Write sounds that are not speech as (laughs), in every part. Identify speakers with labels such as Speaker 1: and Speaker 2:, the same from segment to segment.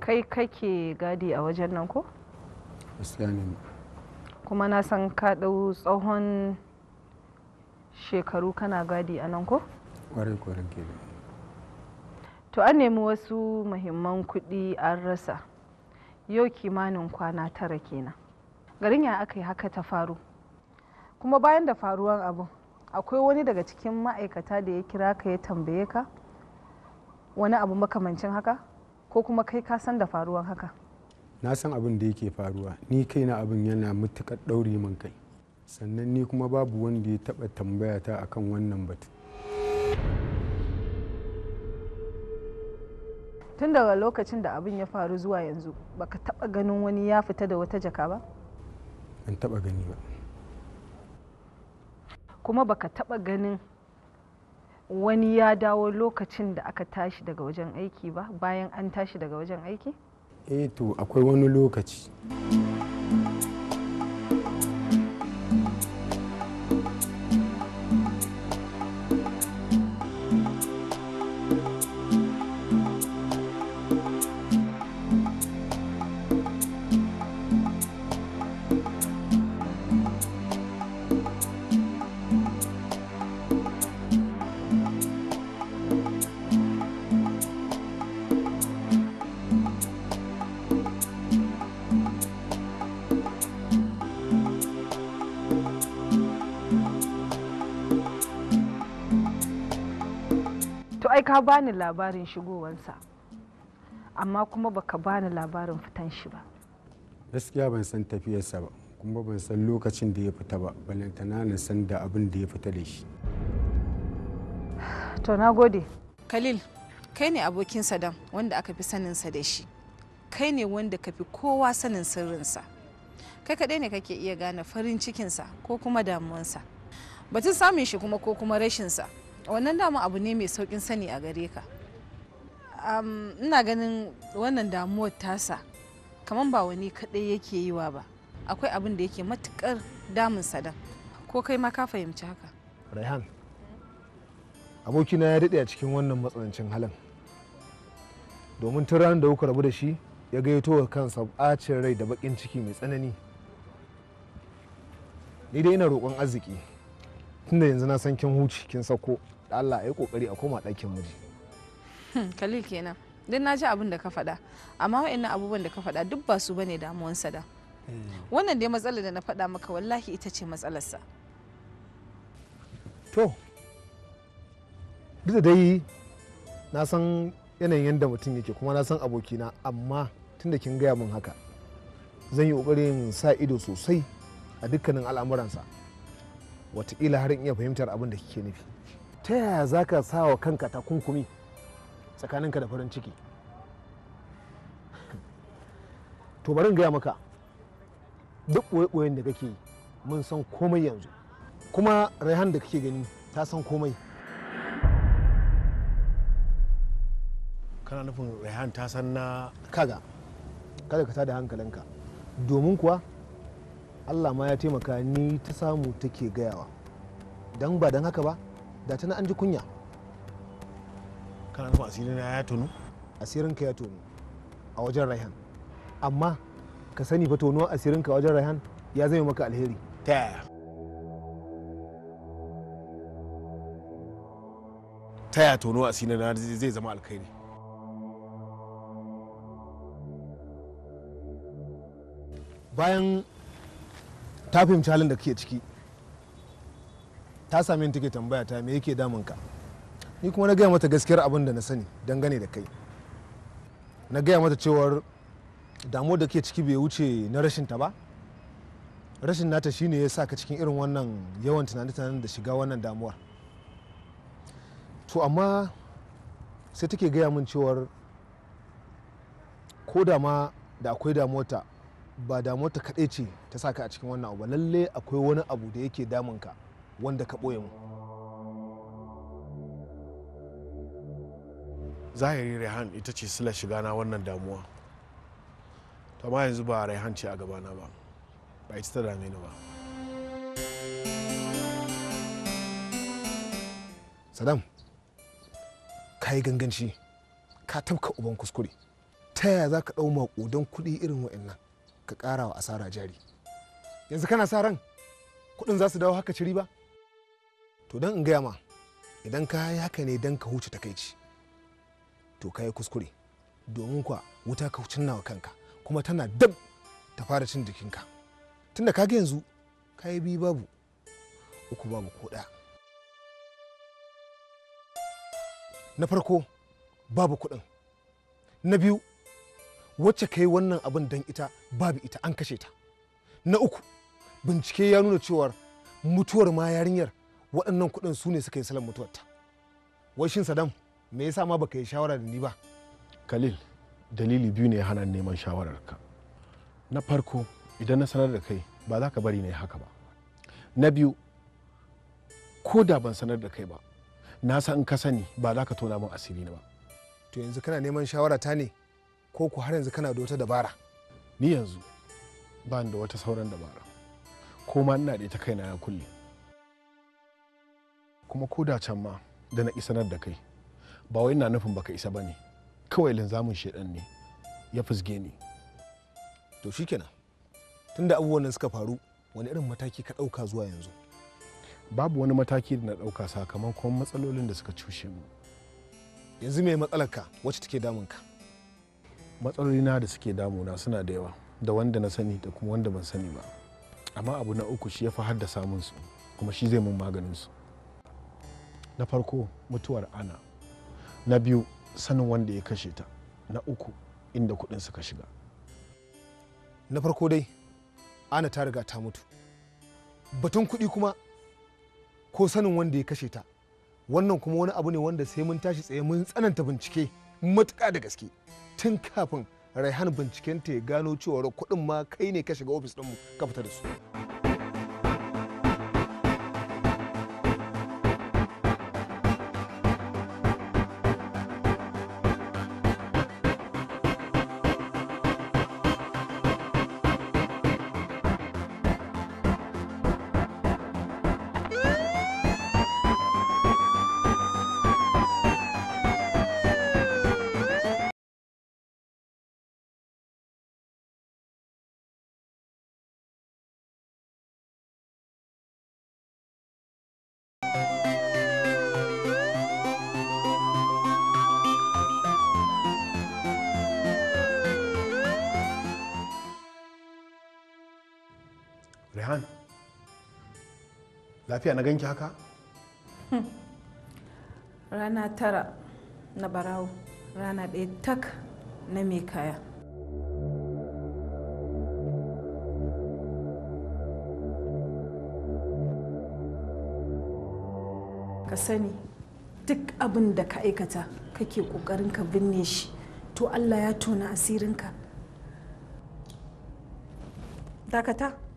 Speaker 1: kai kake gadi a wajen nan ko? kuma na san ka ɗau tsohon shekaru kana gadi a nan ko? to an nemi wasu muhimman kuɗi an rasa yau kimanin kwana tara kenan garin ya aka yi haka ta faru kuma bayan da faruwan abu akwai wani daga cikin ma'aikata da ya kira ka ya tambaye ka wani abu makamancin haka? ko kuma kai ka san da faruwar haka
Speaker 2: na san abin da yake faruwa ni kaina abin yana mutukar ɗauri man kai sannan ni kuma babu wanda ya taɓa tambaya ta akan wannan batun
Speaker 1: tun daga lokacin da abin ya faru zuwa yanzu baka taɓa ganin wani ya fita da wata jaka ba
Speaker 2: ban taɓa gani ba
Speaker 1: kuma baka taɓa ganin wani ya dawo lokacin da aka tashi daga wajen aiki ba bayan an tashi daga wajen aiki?
Speaker 2: eh to akwai wani lokaci.
Speaker 1: ai ka bani labarin shigowansa amma kuma baka bani labarin fitan shi ba
Speaker 2: gaskiya ban san tafiyarsa ba kuma ban san lokacin da ya fita ba balantana na san da abin da ya fita da shi
Speaker 1: to na gode khalil kai ne abokin sadam wanda aka fi saninsa da shi kai ne wanda ka fi kowa sanin sirrinsa kai kaɗai ne kake iya gane farin cikinsa ko kuma damuwansa batun samun shi kuma ko kuma rashinsa wannan dama abu ne mai saukin sani a gare ka ina ganin wannan damuwar tasa kamar ba wani kaɗai yake yi wa ba akwai abin da yake matukar damun sadan ko kai ma ka fahimci haka
Speaker 2: raihan abokina ya daɗe a cikin wannan matsanancin halin domin tun ranar da kuka rabu da shi ya gaito wa kansa ɓacin rai da baƙin ciki mai tsanani ni dai ina roƙon arziki tunda yanzu na san kin huci kin sauko. Allah ya kokari a koma ɗakin miji
Speaker 1: hmm, kalil kenan don na ji abin da ka faɗa amma wa'annan abubuwan da ka faɗa duk ba su bane damuwansa da hmm. wannan dai matsalar da na faɗa maka wallahi ita ce matsalarsa
Speaker 2: to duk da dai na san yanayin yadda mutum yake kuma na san abokina amma tun da kin gaya min haka zan yi ƙoƙarin sa ido sosai a dukkanin al'amuransa watakila har in iya fahimtar abin da kike nufi ta yaya za ka sa wa kanka takunkumi tsakaninka da farin ciki to barin gaya maka duk ɓoye-ɓoyen da kake mun san komai yanzu kuma raihan da kake gani ta san komai kana nufin raihan ta san na kaga kada ka tada hankalinka domin kuwa allah ma ya taimaka ni ta samu take gayawa don ba don haka ba da tana an ji kunya kana nufin asirin na ya tonu asirin ka ya tonu a wajen raihan amma ka sani ba tonuwa asirin ka wajen raihan ya zama maka alheri ta yaya ta yaya tonuwa asirin na zai zama alkhairi bayan ta fahimci halin da kake ciki ta same ni take tambaya ta me yake damun ka ni kuma na gaya mata gaskiyar abin da na sani dangane da kai na gaya mata cewar damuwar da ke ciki bai wuce na rashin ta ba rashin nata shine ya sa ka cikin irin wannan yawan tunanin da shiga wannan damuwar to amma sai take gaya min cewar ko da ma da akwai damuwarta ba damuwarta kaɗai ce ta sa ka a cikin wannan abu lalle akwai wani abu da yake damunka ka wanda ka ɓoye mu zahiri rehan ita ce sila shiga na wannan damuwa ta ma yanzu ba rehan ce a gabana ba ba ita ta dame ni ba sadam ka yi ganganci ka tafka uban kuskure ta yaya za ka ɗau maƙudan kuɗi irin wa'annan ka ƙara wa asara jari yanzu kana sa ran kuɗin za su dawo haka ciri ba. to don in gaya ma idan ka yi haka ne don ka huce takaici to ka yi kuskure domin kuwa wuta ka huce nawa kanka kuma tana dab ta fara cin jikinka tunda kaga yanzu ka yi biyu babu uku babu ko ɗaya na farko babu kuɗin na biyu wacce ka yi wannan abin don ita babu ita an kashe ta na uku bincike ya nuna cewar mutuwar ma yarinyar waɗannan kuɗin su ne suka yi salon mutuwarta wai shin sadam me yasa ma baka yi shawara da ni ba khalil dalili biyu ne ya hana neman ka na farko idan na sanar da kai ba za ka bari ne haka ba na biyu ko da ban sanar da kai ba na san in ka sani ba za ka tona min asiri na ba to yanzu kana neman shawara ta ne ko ku har yanzu kana da wata dabara ni yanzu ba da wata sauran dabara ko ma ina da ita kaina ya kulle kuma ko da can ma da na isanar da kai ba wai na nufin baka isa ba ne kawai linzamin shaidan ne ya fusge ni to shi shikenan tunda abubuwan nan suka faru wani irin mataki ka ɗauka zuwa yanzu babu wani mataki da na ɗauka sakamakon matsalolin da suka cushe mu yanzu me ka wacce take damun damunka na da suke damuna suna da yawa da wanda na sani da kuma wanda ban sani ba amma abu na uku shi ya fi haddasa mun su kuma shi zai mun maganin su na farko mutuwar ana na biyu sanin wanda ya kashe ta na uku inda kudin suka shiga na farko dai ana ta riga ta mutu batun kudi kuma ko sanin wanda ya kashe ta wannan kuma wani abu ne wanda sai mun tashi tsaye mun tsananta bincike matuƙa da gaske tun kafin raihan binciken ta ya gano cewar kuɗin ma kai ne ka shiga ofis ɗinmu ka fita da su rehan lafiya na ganki haka
Speaker 1: rana tara na barawo rana ɗaya tak na mai kaya ka sani duk abin da ka aikata kake ƙoƙarin ka binne shi to allah ya tona asirinka dakata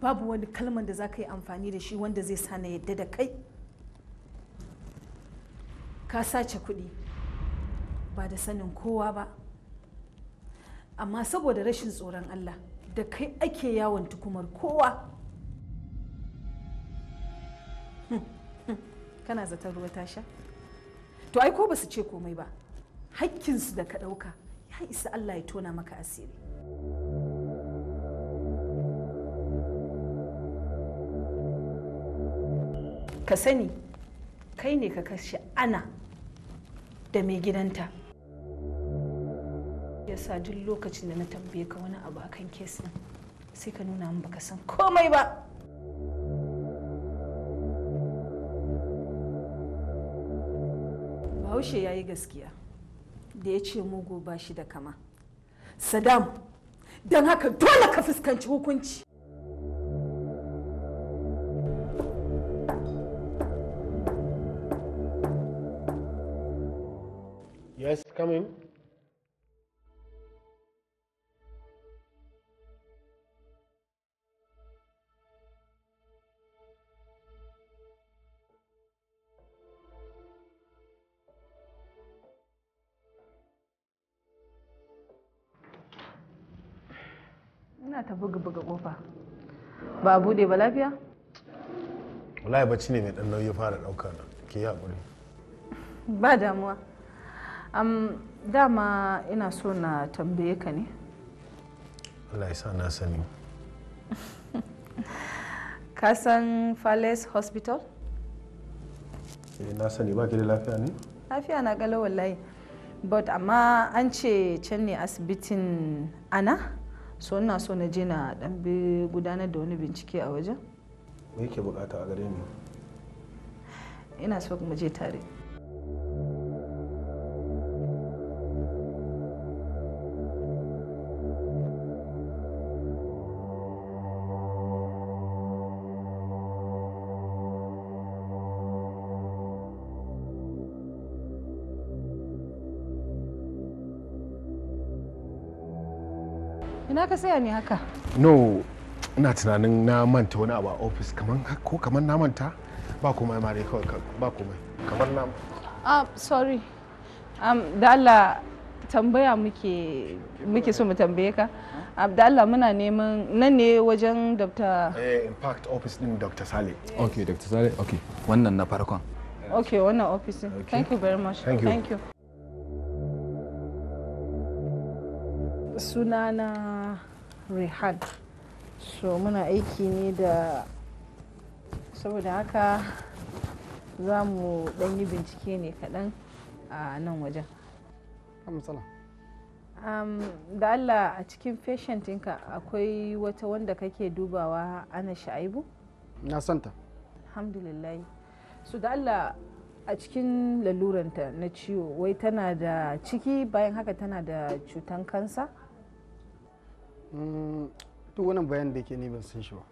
Speaker 1: babu wani kalman da za ka yi amfani da shi wanda zai sa na yadda da kai ka sace kuɗi ba da sanin kowa ba amma saboda rashin tsoron allah da kai ake yawon tukumar kowa hm, hm. kana zaton ruwa ta sha to ai ko ba su ce komai ba hakkinsu da ka ɗauka ya isa allah ya tona maka asiri ka sani kai ne ka kashe ana da mai gidanta yasa duk lokacin da na tambaye ka wani abu akan kesin sai ka nuna min baka san komai ba bahaushe ya yi gaskiya da ya ce mugu ba shi da kama saddam don haka dole ka fuskanci hukunci Guys, come in. Ina ta buga-buga ƙofa Ba a bude ba lafiya?
Speaker 2: Wallahi bacci ne mai ɗan nauyi fara dauka na. Ki haƙuri.
Speaker 1: Ba damuwa. um, dama ina so na tambaye ka ne
Speaker 2: Allah ya na sani (laughs)
Speaker 1: ka san fales hospital
Speaker 2: eh, na sani ba ki da lafiya ne
Speaker 1: lafiya na gala wallahi but amma an ce can ne asibitin ana so ina so na je na dan bi gudanar da wani bincike a wajen
Speaker 2: me yake bukata a gare ni
Speaker 1: ina so kuma je tare ina ka saya ne haka
Speaker 2: no ina tunanin na manta wani abu a ofis kaman ko kamar na manta ba komai mare kawai ba komai kamar na
Speaker 1: ah sorry um, da Allah tambaya muke muke so mu tambaye ka abdallah muna neman nan ne wajen dr
Speaker 2: eh, impact office din dr sale okay dr sale okay wannan na farkon
Speaker 1: okay wannan office thank you very much thank you, thank you. sunana rehan so muna aiki ne da saboda haka za mu dan yi bincike ne kaɗan a nan wajen da allah a cikin patient ɗinka akwai wata wanda kake dubawa ana sha'ibu? na santa alhamdulillah su da allah a cikin laluranta na ciwo wai tana da ciki bayan haka tana da cutan kansa
Speaker 2: Mm, duk wannan bayan da ke ni ban san shi ba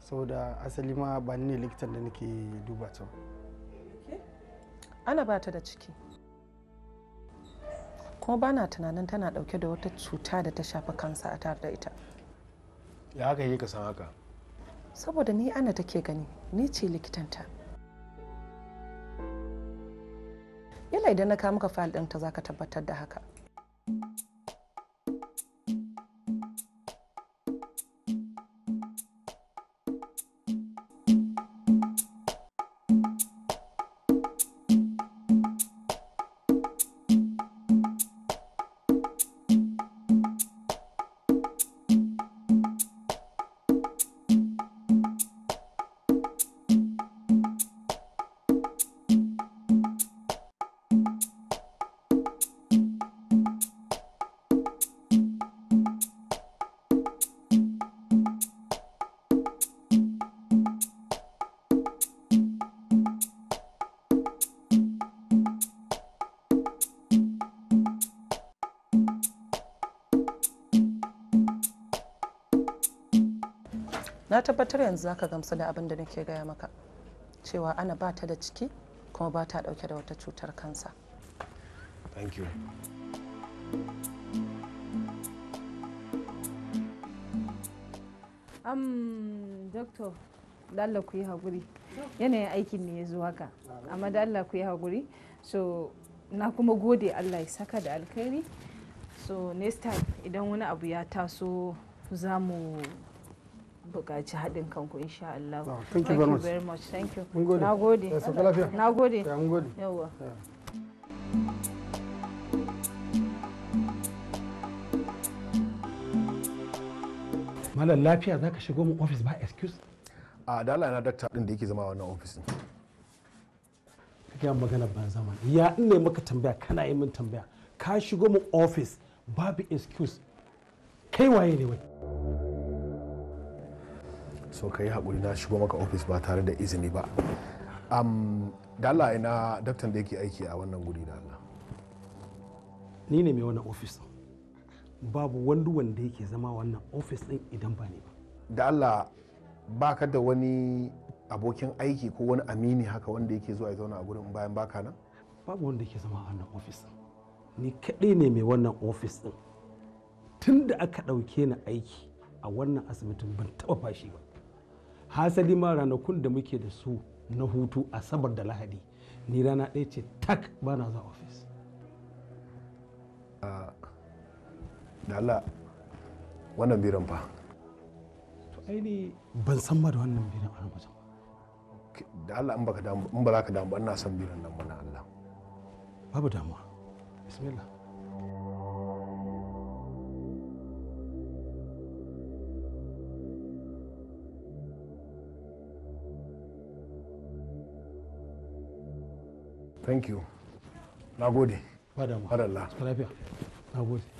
Speaker 2: saboda asali ma ba ni ne likitan da nake duba ta
Speaker 1: ana ba ta da ciki kuma ba na tunanin tana dauke da wata cuta da ta shafi kansa a tare da ita
Speaker 2: ya haka yi ka san haka
Speaker 1: saboda ni ana take gani ni ce likitanta yana idan na kawo maka fayil ɗinta za ka tabbatar da haka na tabbatar yanzu zaka gamsu da abin da nake gaya maka cewa ana ba ta da ciki kuma ba ta dauke da wata cutar kansa thank you um, doctor dalla ku yi haƙuri yanayin aikin ne ya zo haka amma dalla ku yi haƙuri so na kuma gode allah ya saka da alkhairi so next time idan wani abu ya taso za mu buƙaci haɗin kanku insha Allah. Ah, thank you very much. Thank you. Na gode. Na gode. Yawwa.
Speaker 2: Malam lafiya za ka shigo mu ofis ba excuse? A dala na dakta ɗin da yake zama wannan ofis ɗin. Kake magana ban zama. Ya in ne maka tambaya kana yi min tambaya. Ka shigo mu ofis babu excuse. Kai waye ne wai? so ka yi haƙuri na shigo maka ofis ba tare da izini ba um, da Allah ina daktan da yake aiki a wannan guri da Allah ni ne mai wannan ofis babu wani wanda yake zama wannan ofis ɗin idan ba ne ba da Allah ba ka da wani abokin aiki ko wani amini haka wanda yake zuwa ya zauna a gurin bayan baka nan babu wanda yake zama a wannan ofis ni kaɗai ne mai wannan ofis ɗin tun da aka ɗauke ni aiki a wannan asibitin ban taɓa fashi ba hasali ma ranakun da muke da su na hutu asabar da lahadi ni rana ɗaya ce tak ba na za ofis ah, dala wannan biran fa to aini ban san ma da wannan biran a wajen da Allah in ba za ka damu ina son biran nan mana Allah babu damuwa bismillah thank you na gode madalla lafiya na gode